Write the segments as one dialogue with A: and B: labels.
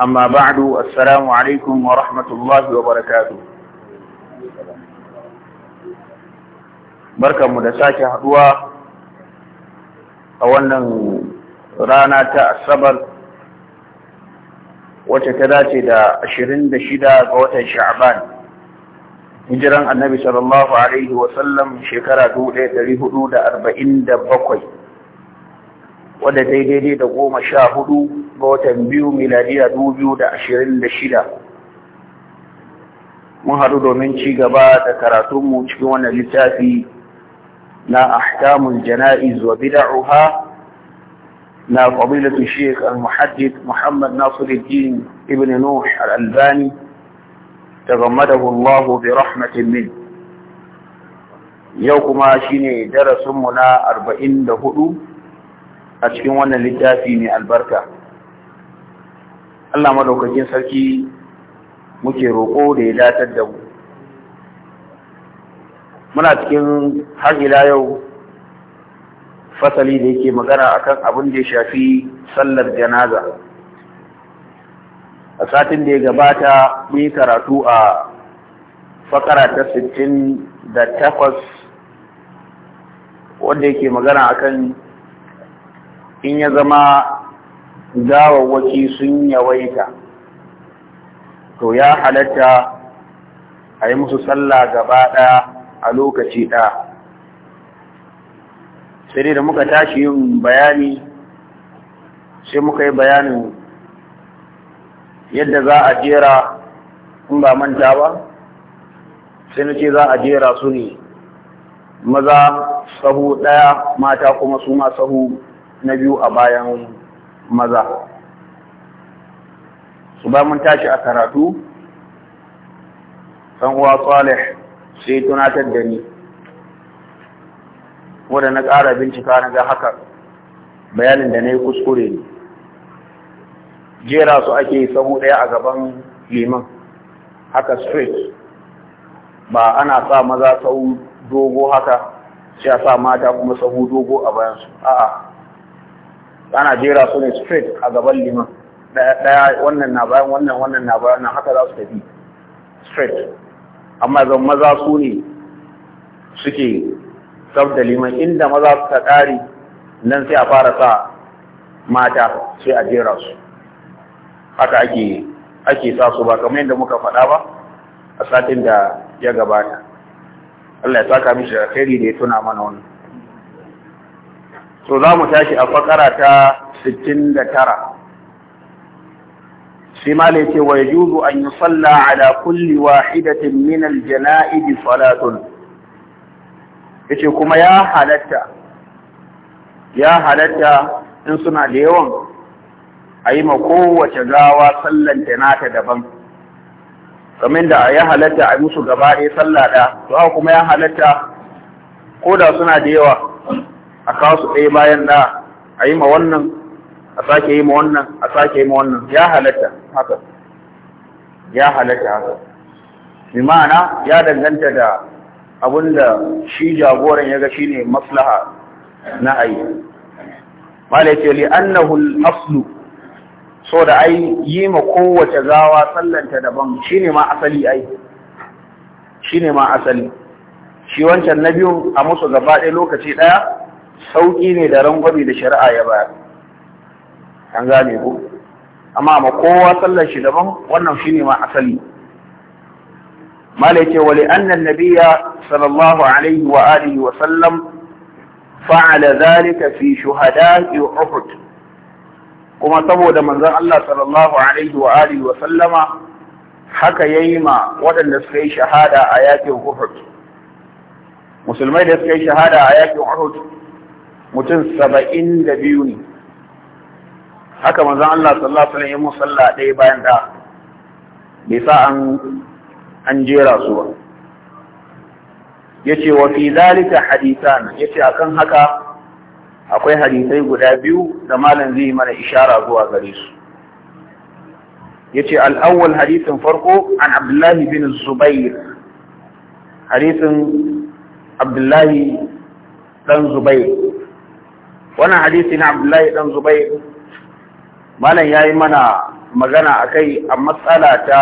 A: wa mu da sake haɗuwa a wannan rana ta Asabar حدوة أولا dace da وتكداتي da shida ga watan شعبان hijiran annabi sallallahu alaihi wasallam shekara arba'in da bakwai, wadda ta yi daidai da goma sha hudu ga watan biyu miladiya dubu da ashirin da shida mun haɗu domin ci gaba da karatunmu cikin wannan littafi na ahkamul jana'iz wa bid'uha na fadilatu sheikh al-muhaddith Muhammad Nasiruddin ibn Nuh al-Albani tagammadahu Allah bi rahmatin min yau kuma shine darasinmu na 44 a cikin wannan littafi mai albarka Allah madaukakin sarki muke roƙo da ya datar da mu muna cikin har ila yau fasali da yake magana akan abin da ya shafi sallar janaza a satin da ya gabata mun karatu a fakara ta sittin da takwas wanda yake magana akan in ya zama gawawwaki sun yawaita to ya halatta a yi musu sallah gaba ɗaya a lokaci ɗaya sai dai da muka tashi yin bayani sai muka yi bayanin yadda za a jera in ba manta ba sai na ce za a jera su ne maza sahu ɗaya mata kuma su ma sahu na biyu a bayan maza su ba mun tashi a karatu san uwa salih sai tunatar da ni wanda na ƙara bincika na ga haka bayanin da na yi kuskure ne jera su ake sahu ɗaya a gaban liman haka straight ba ana sa maza sau dogo haka sai a sa mata kuma sahu dogo a bayansu a'a ana jera su ne straight a gaban liman ɗaya wannan na bayan wannan wannan na bayan nan haka za su tafi straight amma zan maza su ne suke sab da liman inda maza suka ƙari nan sai a fara sa mata sai a jera su haka ake ake sa su ba kamar yadda muka faɗa ba a satin da ya gabata Allah ya saka mishi alkhairi da ya tuna mana wannan to za mu tashi a fakara ta 69 shi ma ne ce wa yajuzu an yusalla ala kulli wahidatin min al Falatu. yace kuma ya halatta ya halatta in suna da yawan a yi ma kowace gawa sallan nata daban kamar da ya halatta a musu gaba ɗaya sallah ɗaya to haka kuma ya halatta ko da suna da yawa a kawo su ɗaya bayan da a yi ma wannan a sake yi ma wannan a sake yi ma wannan ya halatta haka ya halatta haka bi ma'ana ya danganta da abin da shi jagoran ya ga shi ne maslaha na ayi malai ce li annahu aslu so da ai yi ma kowace gawa sallanta daban shi ne ma asali ai ne ma asali shi wancan na biyu a musu gaba ɗaya lokaci ɗaya sauƙi ne da rangwame da shari'a ya bayar an gane ku amma ma kowa sallar shi daban wannan shi ne ma asali malai ce wa li'anna nabiyya sallallahu alaihi wa alihi wa sallam fa'ala zalika fi shuhada shuhada'i uhud kuma saboda manzon Allah sallallahu alaihi wa alihi wa sallama haka yayi ma waɗanda suka yi shahada a yakin Uhud musulmai da suka yi shahada a yakin Uhud mutum saba'in da biyu ne haka manzon Allah sallallahu alaihi wasallam musalla ɗaya bayan da bai sa an an jera su ba yace wa fi zalika hadithan yace akan haka akwai hadisai guda biyu da malam zai mana ishara zuwa gare su yace al-awwal hadisin farko an Abdullah bin Zubair hadisin Abdullahi dan Zubair wannan hadisi na abdullahi dan zubair malam ya yi mana magana a kai a matsala ta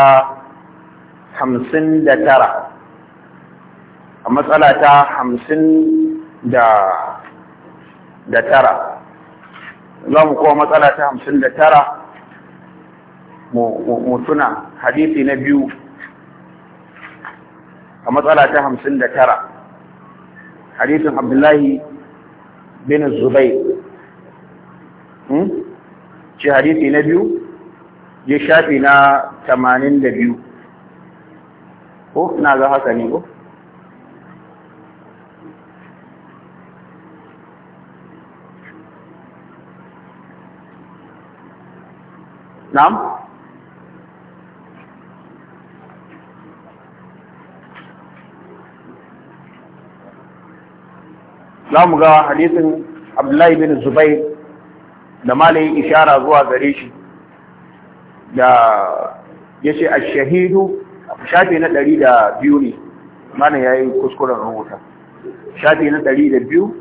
A: hamsin da tara a matsala ta hamsin da tara za mu kowa matsala ta hamsin da tara mu tuna hadisi na biyu a matsala ta hamsin da tara hadisin abdullahi bin zubai ci hmm? hadisi na biyu ya shafi na tamanin da biyu ko na ga haka ne ko na'am za mu ga hadisin abdullahi bin Zubai da malayin ishara zuwa gare shi da ya ce a shahidu shafi na ɗari da biyu ne mana ya yi kuskuren rubuta shafi na ɗari da biyu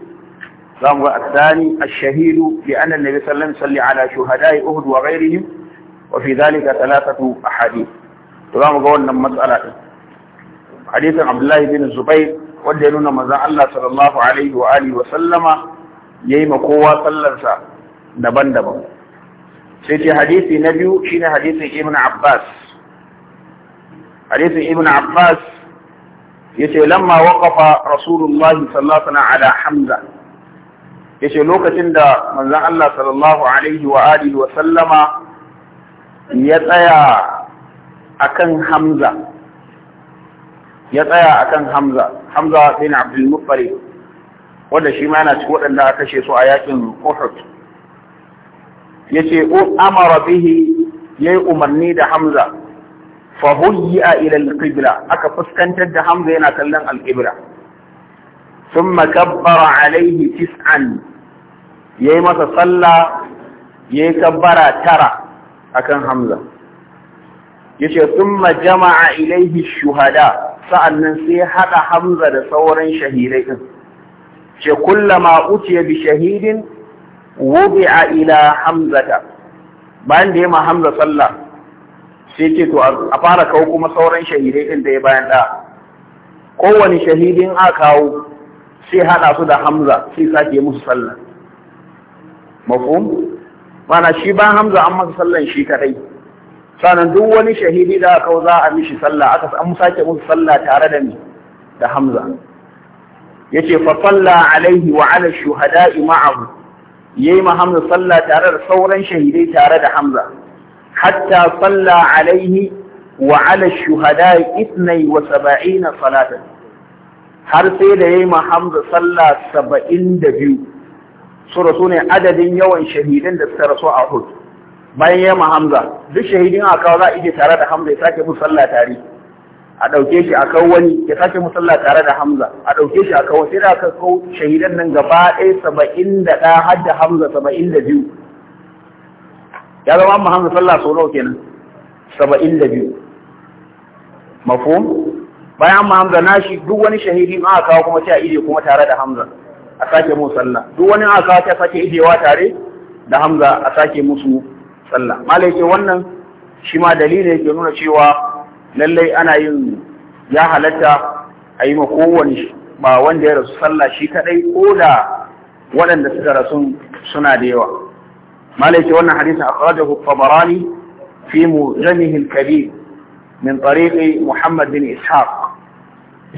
A: za mu ga a tsani a shahidu da annan nabi sallam salli ala shuhada'i uhud wa ghairihim wa fi zalika talatatu ahadith to za mu ga wannan matsala din hadisin abdullahi bin Zubai. wanda ya nuna manzon Allah sallallahu alaihi wa alihi wa sallama yayi ma kowa sallarsa daban-daban sai ce hadisi na biyu shine hadisin Ibn Abbas hadisin Ibn Abbas yace lamma waqafa Rasulullahi sallallahu alaihi ala Hamza yace lokacin da manzon Allah sallallahu alaihi wa alihi wa sallama ya tsaya akan Hamza ya tsaya akan Hamza Hamza bin Abdul Muttalib wanda shi ma yana cikin waɗanda aka kashe su a yakin Uhud yace amara bihi yayi umarni da Hamza fa huyya ila al-qibla aka fuskantar da Hamza yana kallon al-qibla thumma kabbara alayhi tis'an yayi masa sallah yayi kabbara tara akan Hamza yace thumma jama'a ilayhi shuhada sa'annan sai haɗa hamza da sauran shahirai ɗin ce kullama utiya bi shahidin wudi'a ila hamzata bayan da ya ma hamza sallah sai ce to a fara kawo kuma sauran shahidai ɗin da ya bayan ɗa kowane shahidin a kawo sai haɗa su da hamza sai sake musu sallah mafhum mana shi bayan hamza an masa sallan shi kadai sanan duk wani shahidi da aka za a mishi sallah aka an sake musu sallah tare da ni da Hamza yace fa salla alaihi wa ala shuhada'i ma'ahu yayi ma Hamza sallah tare da sauran shahidai tare da Hamza hatta salla alaihi wa ala shuhada'i 72 salatan har sai da yayi ma Hamza sallah saba'in da biyu, su rasu ne adadin yawan shahidan da suka rasu a Uhud bayan yamma hamza duk shahidin a kawo za a ije tare da hamza ya sake musalla tare a ɗauke shi a kawo wani ya sake musalla tare da hamza a ɗauke shi a kawo sai da aka kawo shahidan nan gaba ɗaya saba'in da ɗa, har da hamza saba'in da biyu ya zama amma hamza sallah sau nawa kenan saba'in da biyu mafhum bayan amma hamza nashi duk wani shahidi a aka kawo kuma sai a ije kuma tare da hamza a sake musalla duk wani aka kawo sai a sake ijewa tare da hamza a sake musu sallah malai ce wannan shi ma dalili yake nuna cewa lallai ana yin ya halatta a yi ma kowane ba wanda ya rasu sallah shi kadai ko da waɗanda suka rasu suna da yawa malai ce wannan hadisin akhrajahu tabarani fi mujamihi al-kabir min tariqi muhammad bin ishaq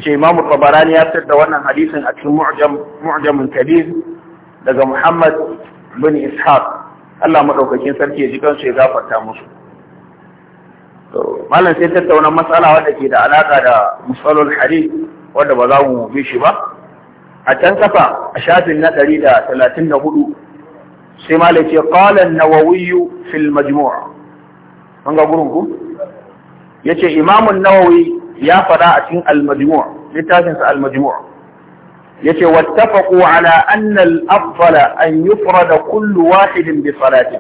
A: ce imamu tabarani ya fitar da wannan hadisin a cikin mujamin kabir daga muhammad bin ishaq Allah maɗaukakin sarki ya ji kansu ya gafarta musu
B: to malam
A: sai tattauna matsala wadda ke da alaka da musalul hadith wadda ba za mu bi shi ba a can kafa a shafin na hudu, sai malam ce qala nawawiyu nawawi fil ga gurin ku Ya ce imamun nawawi ya fada a cikin al-majmu' littafin al yace wattafaqu ala anna al-afdala an yufrada kullu wahidin bi salatin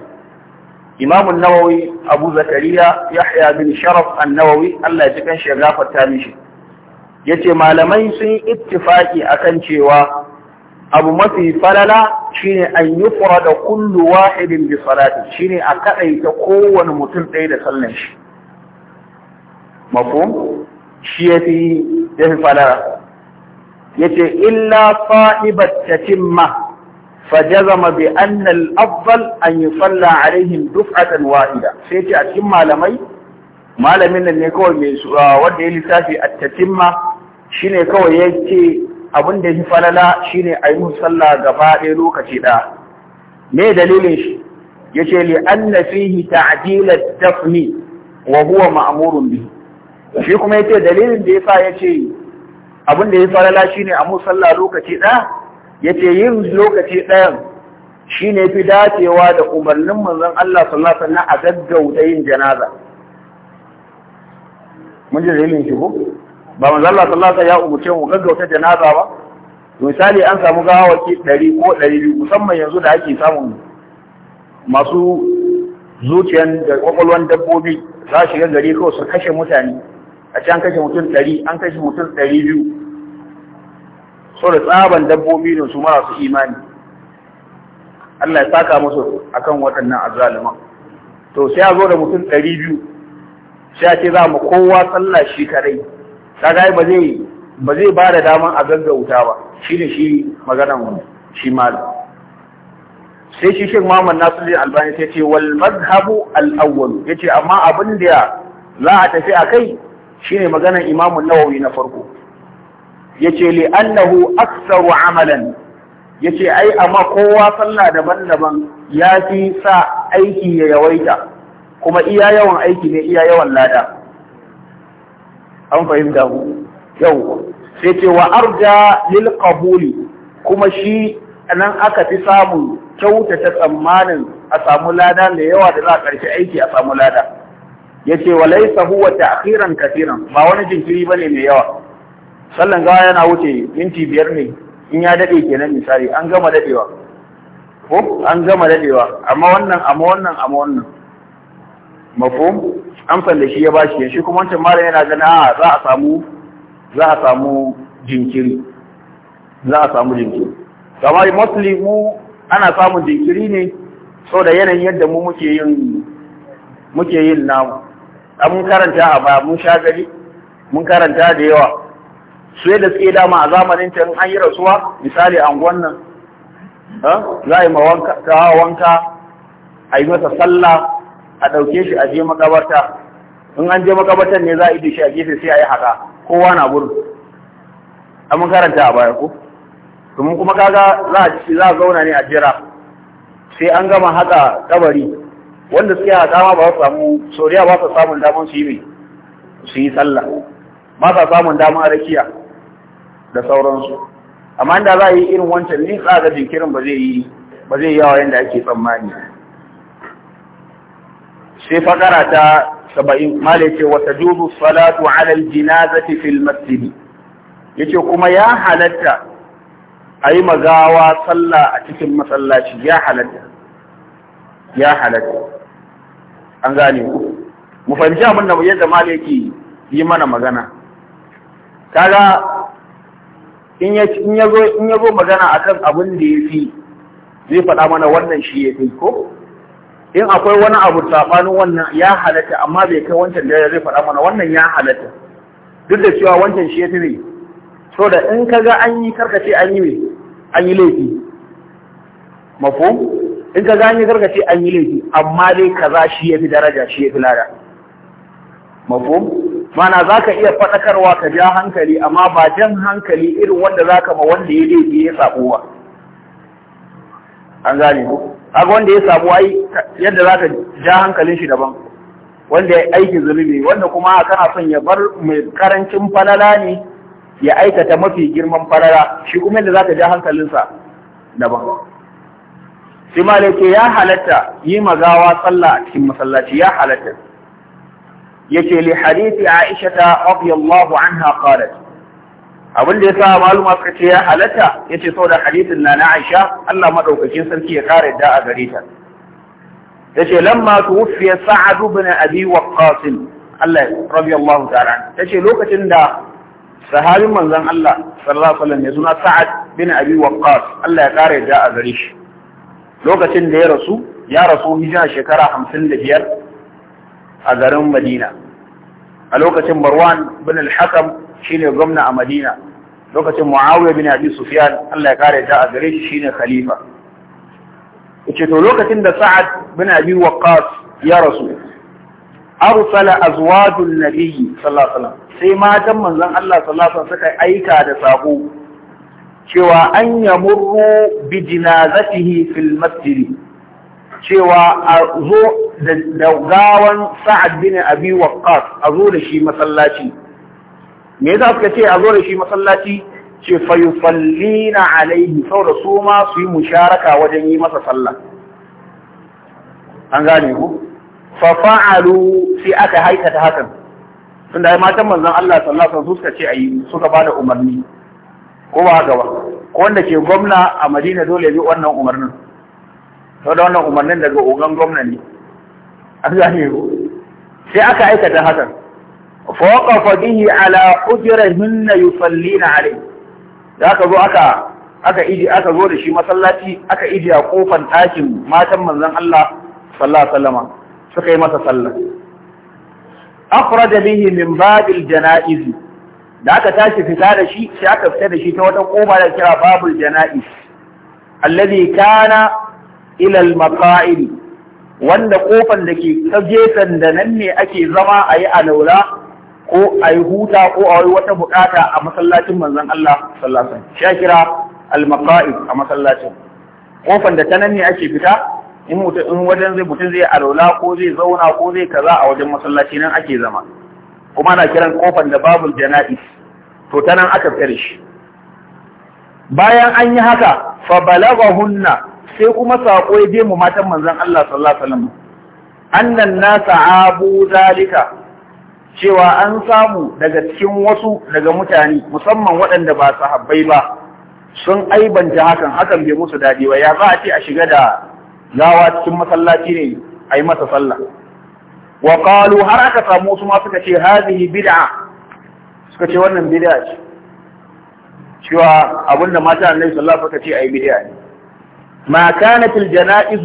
A: Imam an-Nawawi Abu Zakariya Yahya bin Sharaf an-Nawawi Allah ya jikan shi gafarta mishi yace malamai sun ittifaki akan cewa abu mafi falala shine an yufrada kullu wahidin bi salati shine a kadaita kowane mutum ɗaya da sallar shi mafhum shi yafi falala yace illa sahibat tatimma fajazama bi anna al-afdal an yusalla alaihim duf'atan wahida sai ce a cikin malamai malamin nan ne kawai mai ah, wanda ya lissafi at-tatimma shine kawai yace abin da ya falala shine ayi sallah gaba ɗaya lokaci ɗaya me dalilin shi yace li anna fihi ta'jil ad tafni wa huwa ma'murun bihi shi kuma yace dalilin da yasa yace abin da ya farala ne a musalla lokaci ɗaya ce yin lokaci ɗayan ne fi dacewa da umarnin manzan Allah sallallahu na a gaggauta yin janaza mun ji zai shi ko ba manzon Allah sallallahu ya umurce mu gaggauta janaza ba misali an samu gawawaki ɗari ko ɗari biyu, musamman yanzu da ake samun masu zuciyan da kwakwalwan dabbobi za shiga gari kawai su kashe mutane a can kashe mutum ɗari an kashe mutum ɗari biyu da tsaban dabbobi ne su marasu imani Allah ya saka musu akan waɗannan azaliman to sai a zo da mutum ɗari biyu sai a ce za mu kowa sallah shi kadai kaga ba zai ba zai ba da daman a gaggauta ba shi ne shi maganan wani shi malam sai shi mamman nasu Albani sai ce wal madhhabu al-awwal yace amma abin da za a tafi a akai shine maganan Imam Nawawi na farko yace li annahu aktsaru amalan yace ai amma kowa sallah daban-daban ya fi sa aiki ya yawaita kuma iya yawan aiki ne iya yawan lada an fahimta ku yau sai ce wa arja lil qabuli kuma shi nan aka fi samun kyautata tsammanin a samu lada da yawa da za a ƙarshe aiki a samu lada yace wa laysa huwa ta'khiran katiran ba wani jinkiri bane mai yawa sallan gawa yana wuce minti biyar ne in ya daɗe kenan misali an gama daɗewa ko an gama daɗewa amma wannan amma wannan amma wannan mafhum amsan da shi ya bashi shi kuma wancan malam yana ganin a za a samu za a samu jinkiri za a samu jinkiri kamar mu ana samun jinkiri ne saboda yanayin yadda mu muke yin muke yin namu an mun karanta a ba mun sha gari mun karanta da yawa su yadda suke dama a zamanin ta an yi rasuwa misali an nan za a yi wanka a yi masa sallah a ɗauke shi a je makabarta in an je makabartar ne za a ije shi a gefe sai a yi haka kowa na gurin mun karanta a baya ko domin kuma kaga za a za a zauna ne a jira sai an gama haka kabari wanda suke haka ma ba su samu soriya ba su samun damar su yi su yi sallah ba sa samun damar rakiya da sauransu amma inda za a yi irin wancan ne tsaga jinkirin ba zai yi ba zai yawa yadda ake tsammani sai fakara ta saba'in mala ce wata juzu salatu alal jinazati fil masjidi yace kuma ya halatta a yi magawa sallah a cikin masallaci ya halatta ya halatta an gane ku mu fahimci abin da yadda Maliki yake yi mana magana kaga in ya in ya zo in ya zo magana akan abin da yafi zai faɗa mana wannan shi yafi ko in akwai wani abu tsafanin wannan ya halatta amma bai kai wancan da zai faɗa mana wannan ya halatta duk da cewa wancan shi yafi ne so da in kaga an yi karkace an yi an yi laifi mafhum in kaga an yi karkace an yi laifi amma dai kaza shi fi daraja shi fi lada mafhum mana za ka iya faɗakarwa ka ja hankali amma ba jan hankali irin wanda za ka ma wanda ya daidai ya sabo ba an gane ku aga wanda ya sabo ai yadda za ka ja hankalin shi daban wanda ya aiki zunubi wanda kuma kana son ya bar mai karancin falala ne ya aikata mafi girman falala shi kuma yadda za ka ja hankalinsa daban shi ma ya halatta yi magawa sallah cikin masallaci ya halatta yace li hadithi Aisha ta radiyallahu anha qalat abin da yasa maluma suka ce ya halatta yace saboda hadithin na na Aisha Allah madaukakin sarki ya kare da a gare ta yace lamma tuwfiya Sa'ad ibn Abi Waqqas Allah radiyallahu ta'ala Yace lokacin da sahabin manzon Allah sallallahu alaihi wasallam ya suna Sa'ad bin Abi Waqqas Allah ya kare da a gare shi lokacin da ya rasu ya rasu hijira shekara 55 a garin Madina a lokacin Marwan bin al-Hakam shine gwamna a Madina lokacin Muawiya bin Abi Sufyan Allah ya kare ta a gare shi shine khalifa yace to lokacin da Sa'ad bin Abi Waqqas ya rasu arsala azwajun nabiyyi sallallahu alaihi wasallam sai matan manzon Allah sallallahu alaihi wasallam suka aika da sako cewa an yamurru bi jinazatihi fil masjid cewa a zo da gawan sa'ad bin abi waqqas a zo da shi masallaci me yasa suka ce a zo da shi masallaci ce fa yufallina alaihi saboda su ma su yi musharaka wajen yi masa sallah an gane ku fa fa'alu sai aka haikata hakan tunda ai matan manzon Allah sallallahu alaihi wasallam suka ce ayi suka bada umarni ko ba haka ba ko wanda ke gwamna a Madina dole ya bi wannan umarnin to da wannan umarnin daga ogan gwamnani. ne an gane sai aka aikata hakan fawqafa bihi ala hujratihinna yusallina alayhi da aka zo aka aka iji aka zo da shi masallaci aka iji a kofan ɗakin matan manzon Allah Sallah alaihi suka yi masa sallah akhraja bihi min babil jana'izi da aka tashi fita da shi sai aka fita da shi ta wata koma da kira babul janaiz alladhi kana ilal maka'il, wanda kofan da ke ta gefen da nan ne ake zama a yi alaula ko a yi huta ko a yi wata bukata a masallacin manzon Allah sallallahu alaihi wasallam shakira al-maqa'id a masallacin kofan da ta nan ne ake fita in mutum wajen zai mutum zai alaula ko zai zauna ko zai kaza a wajen masallaci nan ake zama kuma na kiran kofan da babul jana'iz, to ta nan aka fere shi bayan an yi haka fa balaghahunna sai kuma saƙo ya je mu matan manzon Allah sallallahu alaihi wasallam annan nasa abu zalika cewa an samu daga cikin wasu daga mutane musamman waɗanda ba sahabbai ba sun aibanta hakan hakan bai musu dadi ba ya za a ce a shiga da gawa cikin masallaci ne a yi masa sallah wa qalu har aka samu su ma suka ce hadhihi bid'a suka ce wannan bid'a ce cewa abinda mata annabi sallallahu alaihi wasallam suka ce ai bid'a ne ma kanat al-jana'iz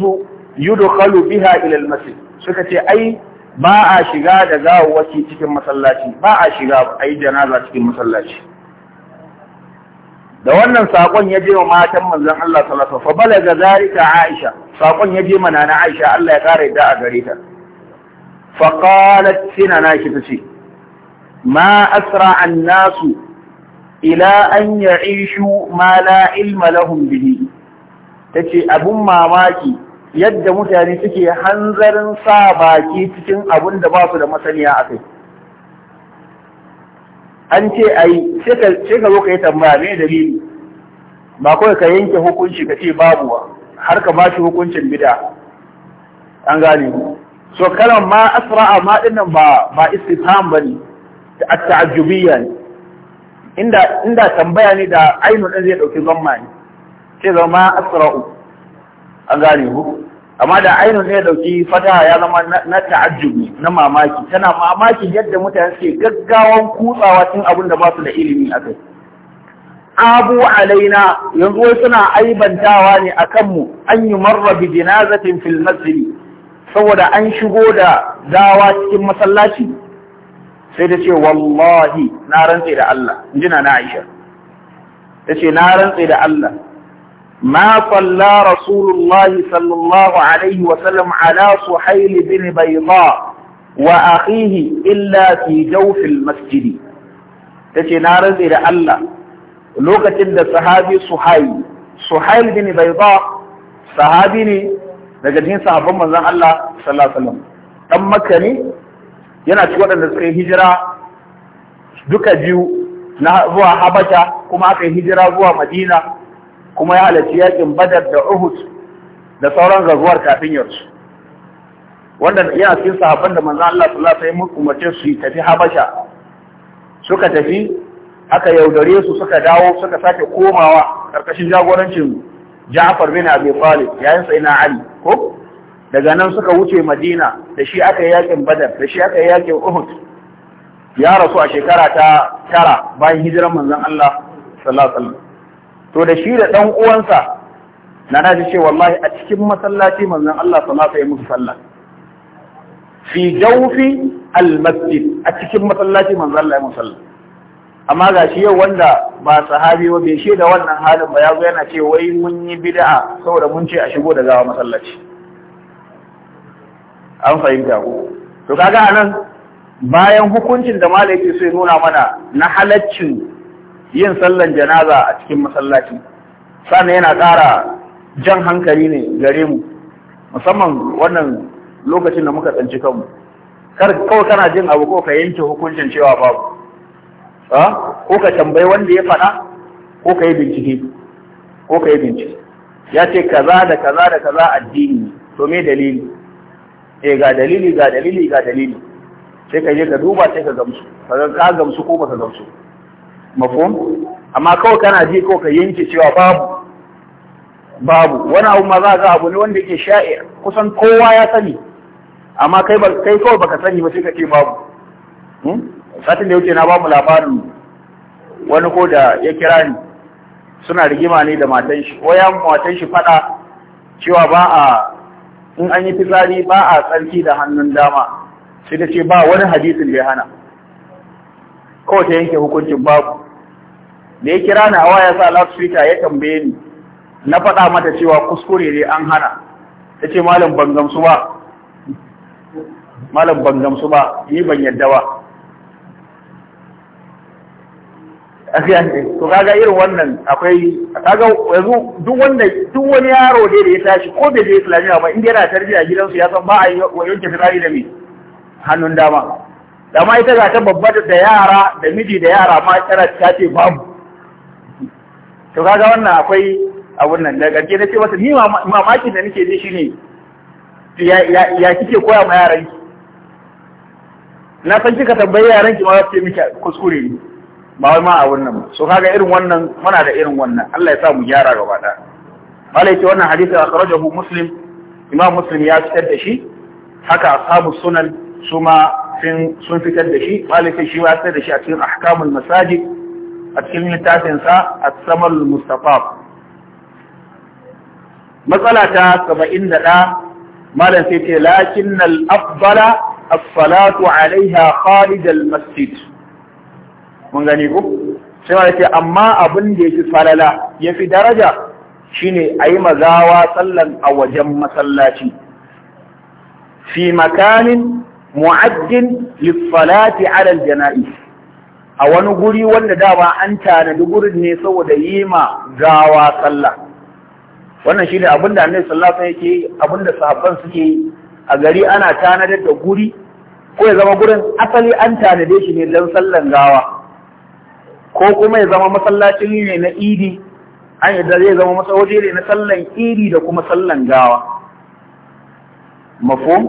A: yudkhalu biha ila suka ce ai ba a shiga da gawawaki cikin masallaci ba a shiga ai janaza cikin masallaci da wannan sakon ya je wa matan manzon Allah sallallahu alaihi wasallam fa balaga zalika Aisha sakon ya je mana Aisha Allah ya kare da a gare ta fa qalat sina na shi tace ma asra an-nasu ila an ya'ishu ma la ilma lahum bihi ta ce abun mamaki yadda mutane suke hanzarin sa baki cikin abun da ba su da masaniya a kai an ce a yi sai ka zo ka yi tambaya me dalili ba kawai ka yanke hukunci ka ce babu ba, har ka bashi hukuncin bida an gane so kalan ma asra'a ma dinnan ba ba ne, bane ta ta'ajjubiyya ne inda tambaya ne da ainihin din zai ɗauki zamma ne sai zama asra'u an gane ku amma da ainihin ne dauki fata ya zama na ta'ajjubi na mamaki tana mamakin yadda mutane suke gaggawan kutsawa cikin abin da ba su da ilimi a kai abu alaina yanzu wai suna aibantawa ne a kanmu an yi marra bi jinazatin fil masjid saboda an shigo da dawa cikin masallaci sai ta ce wallahi na rantse da Allah injina na Aisha ta ce na rantse da Allah ما صلى رسول الله صلى الله عليه وسلم على صحيل بن بيضاء وأخيه إلا في جوف المسجد تجي نار إلى الله لوكة الصحابي صحيل صحيل بن بيضاء صحابي ني daga cikin sahabban manzon Allah sallallahu dan Makka yana cikin waɗanda suka yi hijira duka biyu na zuwa Habasha kuma aka yi hijira zuwa Madina kuma ya halarci yakin badar da uhud da sauran zazuwar kafin yarsu wanda ya cikin sahabban da manzo Allah sallallahu alaihi wasallam umarce su tafi habasha suka tafi aka yaudare su suka dawo suka sake komawa karkashin jagorancin Ja'far bin Abi Talib yayin sai Ali ko daga nan suka wuce Madina da shi aka yi yakin Badar da shi aka yi yakin Uhud ya rasu a shekara ta tara bayan hijiran manzon Allah sallallahu alaihi wasallam to da shi da ɗan uwansa na na ce wallahi a cikin masallaci manzon Allah sama yi musu sallah fi jawfi al-masjid a cikin masallaci manzon Allah ya musu sallah amma ga shi yau wanda ba sahabi ba bai da wannan halin ba ya zo yana ce wai mun yi bid'a saboda mun ce a shigo da gawa masallaci an fahimta ko to kaga anan bayan hukuncin da malai sai nuna mana na halaccin yin sallan janaza a cikin masallaci sannan yana ƙara jan hankali ne gare mu musamman wannan lokacin da muka tsanci kanmu kar kawai kana jin abu ko ka yanke hukuncin cewa babu ko ka tambayi wanda ya faɗa ko ka yi bincike ko ka yi bincike ya ce kaza da kaza da kaza addini to me dalili eh ga dalili ga dalili ga dalili sai ka je ka duba sai ka gamsu ka ka gamsu ko ba ka gamsu mafum amma kawai kana ji ko ka yanke cewa babu babu wani abu ma za ga abu ne wanda yake sha'ir kusan kowa ya sani amma kai ba kai kawai baka sani ba sai ka ce babu hmm? satin da yake na ba labarin wani ko da ya kira ni suna rigima ne da matan shi waya matan shi fada cewa ba a in an yi fitsari ba a tsarki da hannun dama sai ta ce ba wani hadisin da ya hana kawai ta yanke hukuncin babu da ya kira ni a waya sa twitter ya tambaye ni na faɗa mata cewa kuskure ne an hana ta ce malam ban gamsu ba malam ban gamsu ba ni ban yadda ba to kaga irin wannan akwai kaga yanzu duk wanda duk wani yaro dai da ya tashi ko bai je islamiyya ba inda yana tarbiyya gidansu ya san ba a yanke fitsari da me hannun dama dama ita ga ta babbar da yara da miji da yara ma tana ta ce babu to kaga wannan akwai abun nan da gaske na ce masa ni mamakin da nake ji shine ya kike koya ma yaran ki na san kika tambayi yaran ki ma za ce miki kuskure ne ba wai ma abun nan so kaga irin wannan muna da irin wannan Allah ya sa mu gyara gaba da malai ce wannan hadisi akhrajahu muslim imam muslim ya fitar da shi haka ashabu sunan su ma sun fitar da shi malai ce shi ya fitar da shi a cikin ahkamul masajid a cikin littafinsa a saman mustapha matsala ta saba'in da ɗa malam sai ce lakin al'abbala as-salatu alaiha khalid al-masjid mun gani ku. sai wani ce amma abin da ya fi falala ya fi daraja shine a yi mazawa tsallan a wajen masallaci fi makanin mu'addin lissalati alal jana'i a wani guri wanda dama an tanadi gurin ne saboda yi ma gawa sallah wannan shi ne abinda annabi sallallahu alaihi yake abinda sahabban suke a gari ana tanadar da guri ko ya zama gurin asali an tanade shi ne don sallan gawa ko kuma ya zama masallacin ne na idi an yadda zai zama masawaje ne na sallan idi da kuma sallan gawa mafhum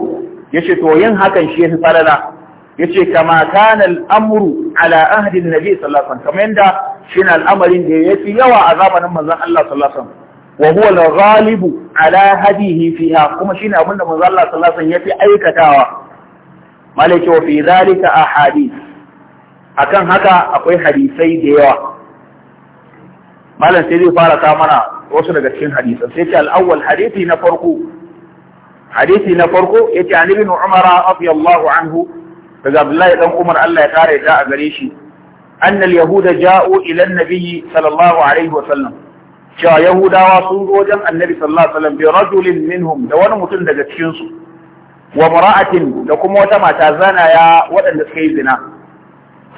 A: yace to yin hakan shi ya fi falala yace kama kana al-amru ala ahdi an-nabi sallallahu alaihi wasallam kamar yanda al'amarin da ya fi yawa a zamanin manzon Allah Sallasan. alaihi wasallam wa huwa al-ghalibu ala hadihi fiha kuma shine abinda manzon Allah Sallasan ya fi yafi aikatawa malaka wa fi dhalika ahadith akan haka akwai hadisai da yawa malam sai zai fara ta mana wasu daga cikin hadisan sai ce al hadisi na farko hadisi na farko ya yace an ibn umara radiyallahu anhu daga Abdullahi dan Umar Allah ya kare da a gare shi anna al-yahuda ja'u ila an-nabi sallallahu alaihi wa sallam cewa yahudawa sun zo wajen annabi sallallahu alaihi bi rajulin minhum da wani mutum daga cikin su wa mara'atin da kuma wata mata zanaya waɗanda suka yi zina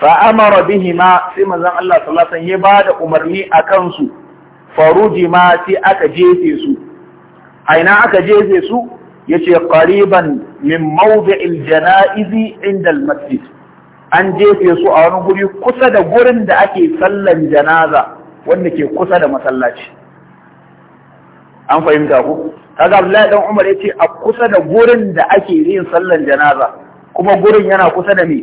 A: fa amara bihima sai manzon Allah sallallahu alaihi ya bada umarni akan su faruji ma sai aka jefe su aina aka jefe su Ya ce ƙariban min mawdi'il janaizi inda masjid an jefe su a wani guri kusa da gurin da ake sallan janaza wanda ke kusa da masallaci an fahimta ku kaga Abdullahi ɗan Umar ya ce a kusa da gurin da ake yin sallan janaza kuma gurin yana kusa da mai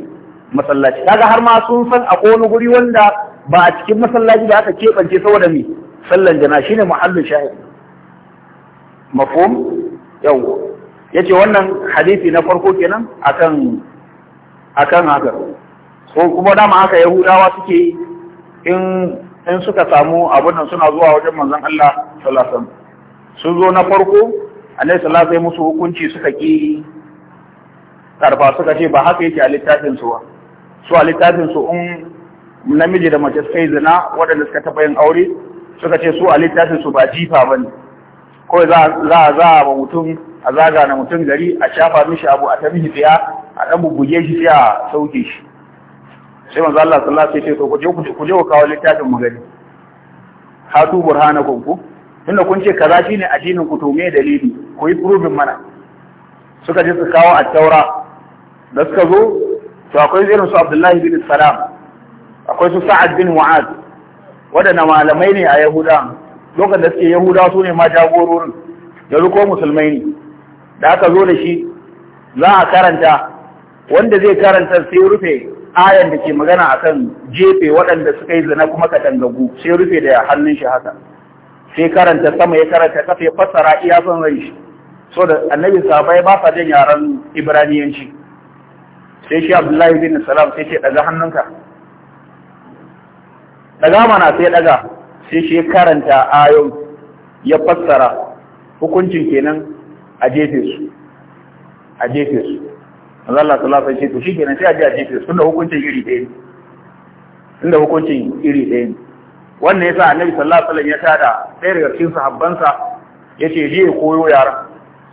A: masallaci kaga har ma sun san akwai wani guri wanda ba a cikin masallaci da aka keɓance saboda mai sallan janaza shine muhallin shahid mafhum yawwa Ya ce wannan hadisi na farko kenan akan akan haka ko kuma dama haka yahudawa suke in in suka samu abun nan suna zuwa wajen manzon Allah sallallahu alaihi wasallam sun zo na farko annabi sallallahu alaihi musu hukunci suka ki karfa suka ce ba haka yake a littafin su ba su a littafin su in namiji da mace sai zina waɗanda suka taɓa yin aure suka ce su a littafin su ba jifa bane kawai za a za a mutum a zaga na mutum gari a shafa mishi abu a ta mishi tsaya a ɗan bubbuge shi sai a sauke shi sai manzo Allah sallallahu alaihi wasallam sai to ku je ku kawo littafin ha tu burhanakum ku tunda kun ce kaza shine addinin ku to me dalili ku yi proving mana suka je su kawo a taura da suka zo to akwai irin su Abdullahi bin Salam akwai su Sa'ad bin Mu'adh waɗanda malamai ne a Yahudawa lokacin da suke Yahuda su ne ma jagororin yanzu ko musulmai ne da aka zo da shi za a karanta wanda zai karanta sai rufe ayan da ke magana akan jefe waɗanda suka yi zina kuma ka katangagu sai rufe da hannun shi haka sai karanta sama ya karanta kafa ya fassara iya son rai shi so da annabi sabai ba sa jan yaran ibraniyanci sai shi abdullahi bin salam sai ce daga hannunka daga mana sai daga sai shi karanta ayon ya fassara hukuncin kenan a jefe su a jefe su Allah sallallahu alaihi wasallam shi kenan sai a je a jefe su tunda hukuncin iri ɗaya ne tunda hukuncin iri ɗaya ne wannan yasa annabi sallallahu alaihi wasallam ya tada ɗaya daga cikin sahabbansa yace je ya koyo yaran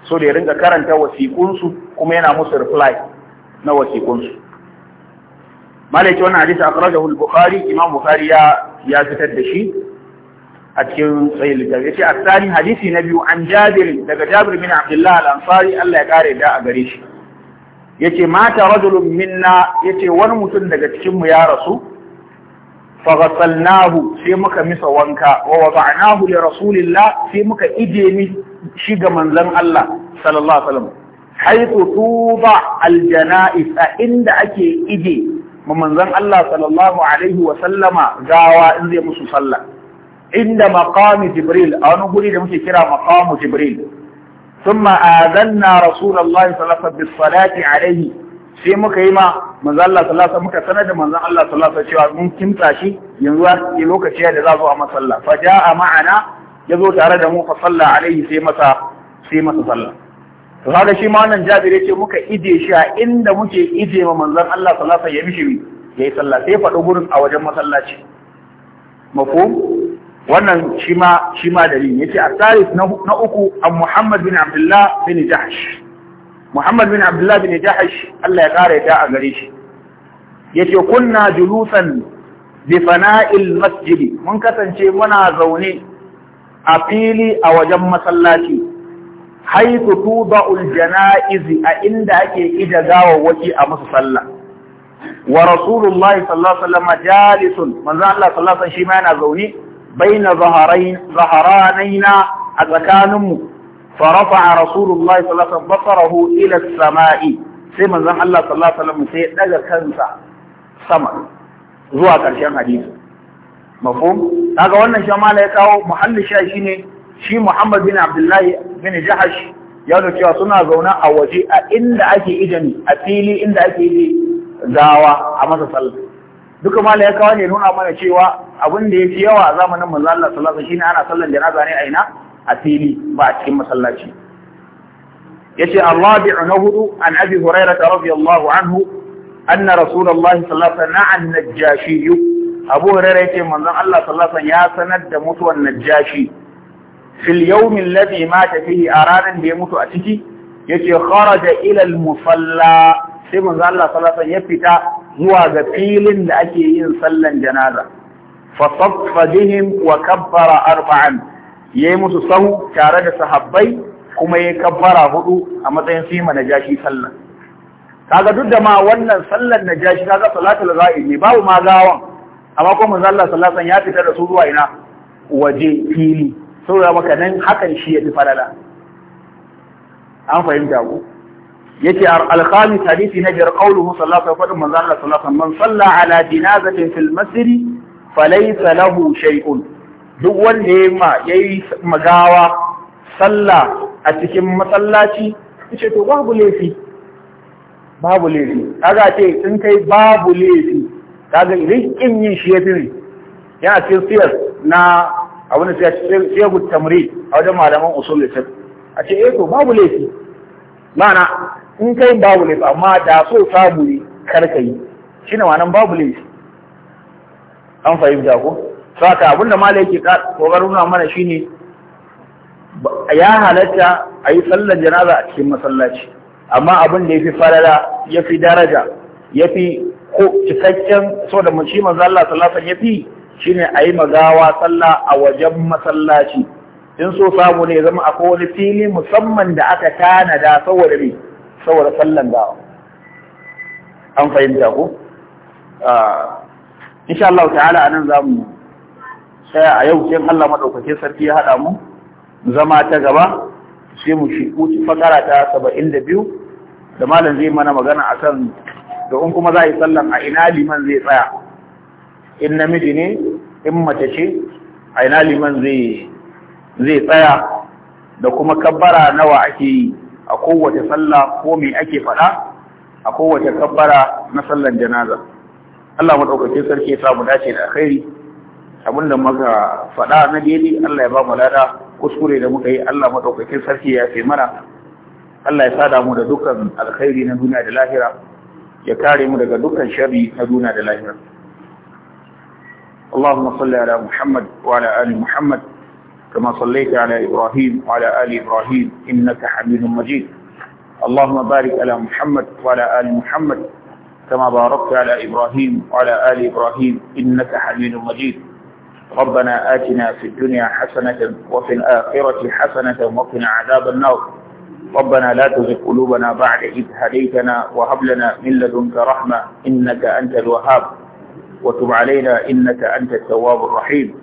A: so da ya ringa karanta su kuma yana musu reply na su malaki wannan hadisi akhrajahu al-bukhari imam bukhari ya ya fitar da shi a cikin tsayin littafi yace asali hadisi na biyu an jabir daga jabir bin abdullah al-ansari Allah ya kare da a gare shi yace mata rajulun minna yace wani mutum daga cikin mu ya rasu fa ghasalnahu sai muka misa wanka wa wada'nahu li rasulillah sai muka ije mi shi ga manzon Allah sallallahu alaihi wasallam haitu tuba aljana'is a inda ake ije ma manzon Allah sallallahu alaihi wasallama gawa in zai musu sallah inda maqami jibril a wani guri da muke kira maqamu jibril thumma azanna rasulullahi sallallahu alaihi wasallam bis sai muka yi ma manzon Allah sallallahu muka sanar da manzon Allah sallallahu alaihi cewa mun kimtsa shi yanzu lokaci da za zo a masalla fa jaa ma'ana ya zo tare da mu fa salla alaihi sai masa sallah to kaga shi ma wannan Jabir yace muka ije shi a inda muke ije ma manzon Allah sallallahu ya mishi yayi sallah sai faɗo a wajen masallaci wannan shi ma shi Ya ce a asalis na uku an Muhammad bin Abdullah bin Jahash. Muhammad bin Abdullah bin Jahash Allah ya ƙara ya a gare shi Ya yace kunna julusan bi fana'il masjid mun kasance muna zaune a fili a wajen masallaci haitu tuda'ul janaiz a inda ake ijagawa waki a musu sallah wa rasulullahi sallallahu alaihi wasallam jalisun manzo Allah sallallahu alaihi wasallam shi ma yana zaune بين ظهرين ظهرانينا أذكانم فرفع رسول الله صلى الله عليه وسلم بصره إلى السماء سيما زم الله صلى الله عليه وسلم سيدنا كنسا سما زوا كرشان حديث مفهوم هذا وانا شمال يكاو محل شاشيني شي محمد بن عبد الله بن جحش يقول cewa suna zaune a waje a inda ake idani a fili inda ake gawa a masa sallah duka mala ya kawo ne nuna mana cewa abin da ya fi yawa a zamanin manzo Allah sallallahu alaihi ana sallan janaza ne a ina a fili ba a cikin masallaci ce Allah bi'na hudu an abi hurairah radiyallahu anhu anna rasulullahi sallallahu alaihi wasallam najashi abu hurairah yace manzon Allah sallallahu ya sanar da mutuwan najashi fil yawm alladhi mata fihi aranan da ya mutu a ciki yace kharaja ila al-musalla sai manzon Allah sallallahu ya fita zuwa ga filin da ake yin sallan janaza fa saffa bihim wa kabbara arba'an yayi musu sahu tare da sahabbai kuma yayi kabbara hudu a matsayin sima jashi sallan kaga duk da ma wannan sallan najashi kaga salatul ra'id ne babu ma gawan amma ko manzo Allah sallallahu alaihi wasallam ya fitar da su zuwa ina waje fili saboda maka nan hakan shi ya fi falala an fahimta ku Yake al-khamis hadisi na jar qauluhu sallallahu alaihi wasallam manzo Allah sallallahu alaihi man salla ala jinazatin fil masjid falaysa lahu shay'un duk wanda ya ma yayi magawa salla a cikin masallaci yace to babu laifi babu laifi kaga ce in kai babu laifi kaga rikin yin shi yafi yana cikin siyar na abin da sai guttamri a wajen malaman usul a ce eh to babu laifi ma'ana in kai babu laifi amma da so samu ne kar yi shi ne wannan babu laifi an fahimta ko saka abin da malai yake kogar nuna mana ne, ya halatta a yi sallar janaza a cikin masallaci amma abin da ya fi falala ya fi daraja ya fi ko cikakken so da mace manzo Allah ya fi shi ne a yi magawa sallah a wajen masallaci in so samu ne zama akwai wani fili musamman da aka tanada saboda ne saboda sallan da an fahimta ko ah, insha Allah ta'ala anan zamu tsaya a yau sai Allah madaukake sarki ya hada mu zama ta gaba sai mu shi uci fakara ta 72 da malam zai mana magana akan da in kuma za a yi sallan a ina liman zai tsaya in namiji ne in mace ce a ina liman zai zai tsaya da kuma kabbara nawa ake yi a kowace sallah ko me ake faɗa a kowace kabbara na sallan janaza Allah madaukake sarki ya samu dace da alkhairi abinda muka faɗa na daidai Allah ya ba mu lada kuskure da muka yi Allah madaukakin sarki ya fi mana Allah ya sada mu da dukkan alkhairi na duniya da lahira ya kare mu daga dukkan sharri na duniya da lahira اللهم صل على محمد وعلى Ali محمد كما صليت على إبراهيم وعلى آل إبراهيم إنك حميد مجيد اللهم بارك على محمد وعلى آل محمد كما باركت على إبراهيم وعلى آل إبراهيم إنك حميد مجيد ربنا آتنا في الدنيا حسنة وفي الآخرة حسنة وقنا عذاب النار ربنا لا تزغ قلوبنا بعد إذ هديتنا وهب لنا من لدنك رحمة إنك أنت الوهاب وتب علينا إنك أنت التواب الرحيم